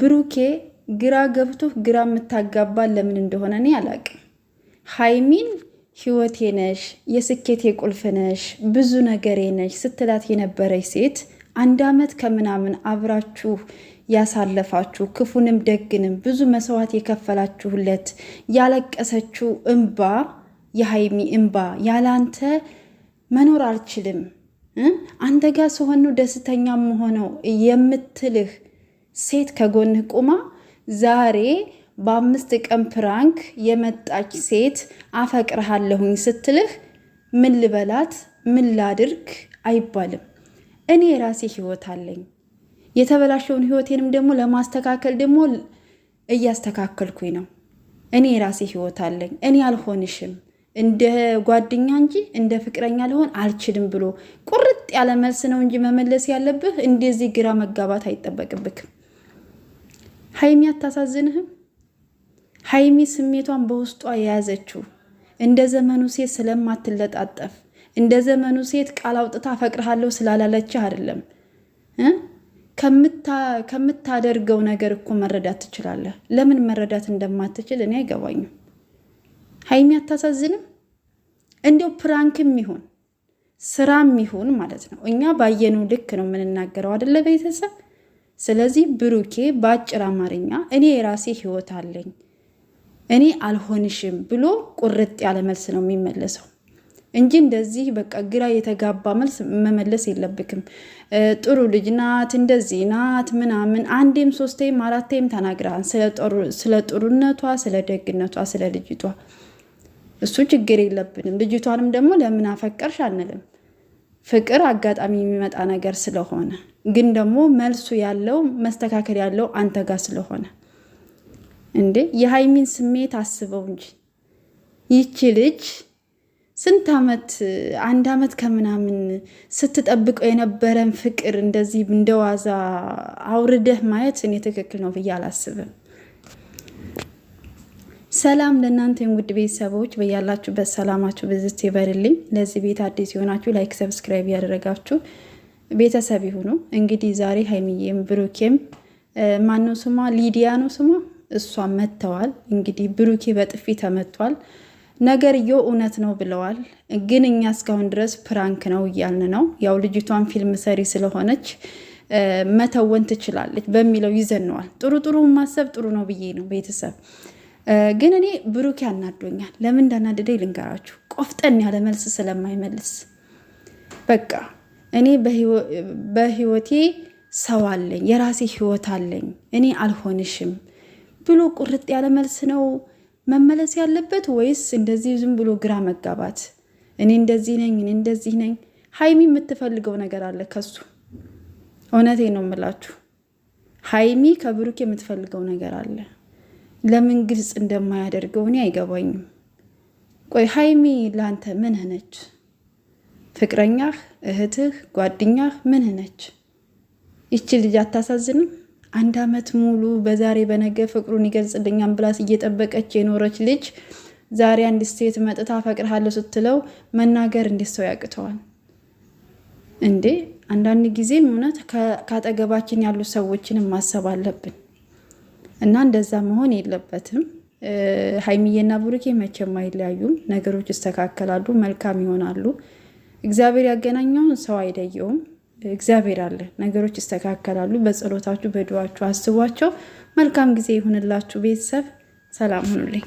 ብሩኬ ግራ ገብቶ ግራ የምታጋባ ለምን እንደሆነ እኔ አላቅም። ሀይሚን ህይወቴ ነሽ፣ የስኬቴ ቁልፍ ነሽ፣ ብዙ ነገሬ ነሽ ስትላት የነበረች ሴት አንድ አመት ከምናምን አብራችሁ ያሳለፋችሁ ክፉንም ደግንም ብዙ መስዋዕት የከፈላችሁለት ያለቀሰችው እንባ የሀይሚ እምባ ያላንተ መኖር አልችልም አንተ ጋር ሲሆኑ ደስተኛ መሆነው የምትልህ ሴት ከጎንህ ቁማ ዛሬ በአምስት ቀን ፕራንክ የመጣች ሴት አፈቅርሃለሁኝ ስትልህ ምን ልበላት ምን ላድርግ አይባልም። እኔ የራሴ ህይወት አለኝ። የተበላሸውን ህይወቴንም ደግሞ ለማስተካከል ደግሞ እያስተካከልኩኝ ነው። እኔ የራሴ ህይወት አለኝ። እኔ አልሆንሽም እንደ ጓደኛ እንጂ እንደ ፍቅረኛ ልሆን አልችልም ብሎ ቁርጥ ያለ መልስ ነው እንጂ መመለስ ያለብህ። እንደዚህ ግራ መጋባት አይጠበቅብክም። ሀይሚ አታሳዝንህም? ሀይሚ ስሜቷን በውስጧ የያዘችው እንደ ዘመኑ ሴት ስለማትለጣጠፍ እንደ ዘመኑ ሴት ቃል አውጥታ አፈቅርሃለሁ ስላላለች አይደለም። ከምታደርገው ነገር እኮ መረዳት ትችላለህ። ለምን መረዳት እንደማትችል እኔ አይገባኝም። ሀይሚ አታሳዝንም? እንዲው ፕራንክም ይሁን ስራም ይሁን ማለት ነው እኛ ባየነው ልክ ነው የምንናገረው አይደለ ቤተሰብ ስለዚህ ብሩኬ በአጭር አማርኛ እኔ የራሴ ህይወት አለኝ እኔ አልሆንሽም ብሎ ቁርጥ ያለ መልስ ነው የሚመለሰው እንጂ እንደዚህ በቃ ግራ የተጋባ መልስ መመለስ የለብክም። ጥሩ ልጅ ናት፣ እንደዚህ ናት ምናምን አንዴም ሶስቴም አራቴም ተናግራል። ስለ ጥሩነቷ፣ ስለ ደግነቷ፣ ስለ ልጅቷ እሱ ችግር የለብንም። ልጅቷንም ደግሞ ለምን አፈቀርሽ አንልም። ፍቅር አጋጣሚ የሚመጣ ነገር ስለሆነ ግን ደግሞ መልሱ ያለው መስተካከል ያለው አንተ ጋር ስለሆነ እንዴ የሀይሚን ስሜት አስበው እንጂ ይቺ ልጅ ስንት ዓመት አንድ ዓመት ከምናምን ስትጠብቀው የነበረን ፍቅር እንደዚህ እንደዋዛ አውርደህ ማየት እኔ ትክክል ነው ብዬ አላስብም። ሰላም ለእናንተ ውድ ቤተሰቦች በያላችሁበት ሰላማችሁ ብዝት ይበርልኝ። ለዚህ ቤት አዲስ የሆናችሁ ላይክ፣ ሰብስክራይብ ያደረጋችሁ ቤተሰብ ይሁኑ። እንግዲህ ዛሬ ሀይሚዬም ብሩኬም ማነው ስሟ ሊዲያ ነው ስሟ እሷ መጥተዋል። እንግዲህ ብሩኬ በጥፊ ተመቷል። ነገርየው እውነት ነው ብለዋል። ግን እኛ እስካሁን ድረስ ፕራንክ ነው እያልን ነው። ያው ልጅቷን ፊልም ሰሪ ስለሆነች መተወን ትችላለች በሚለው ይዘነዋል። ጥሩ ጥሩ ማሰብ ጥሩ ነው ብዬ ነው ቤተሰብ ግን እኔ ብሩክ ያናዶኛል። ለምን እንዳናደደኝ ልንገራችሁ። ቆፍጠን ያለ መልስ ስለማይመልስ በቃ እኔ በህይወቴ ሰው አለኝ፣ የራሴ ህይወት አለኝ፣ እኔ አልሆንሽም ብሎ ቁርጥ ያለ መልስ ነው መመለስ ያለበት ወይስ እንደዚህ ዝም ብሎ ግራ መጋባት? እኔ እንደዚህ ነኝ፣ እኔ እንደዚህ ነኝ። ሀይሚ የምትፈልገው ነገር አለ ከሱ። እውነቴ ነው የምላችሁ፣ ሀይሚ ከብሩክ የምትፈልገው ነገር አለ። ለምን ግልጽ እንደማያደርገው እኔ አይገባኝም። ቆይ ሀይሚ ለአንተ ምንህ ነች? ፍቅረኛህ፣ እህትህ፣ ጓደኛህ ምንህ ነች? ይቺ ልጅ አታሳዝንም? አንድ አመት ሙሉ በዛሬ በነገ ፍቅሩን ይገልጽልኛም ብላስ እየጠበቀች የኖረች ልጅ ዛሬ አንድ ሴት መጥታ አፈቅርሃለሁ ስትለው መናገር እንዴት ሰው ያቅተዋል እንዴ? አንዳንድ ጊዜም እውነት ከአጠገባችን ያሉ ሰዎችንም ማሰብ አለብን። እና እንደዛ መሆን የለበትም። ሀይሚዬና ብሩኬ መቼም አይለያዩም። ነገሮች ይስተካከላሉ፣ መልካም ይሆናሉ። እግዚአብሔር ያገናኘውን ሰው አይደየውም እግዚአብሔር አለ፣ ነገሮች ይስተካከላሉ። በጸሎታችሁ በድዋችሁ አስቧቸው። መልካም ጊዜ ይሁንላችሁ። ቤተሰብ ሰላም ሁኑልኝ።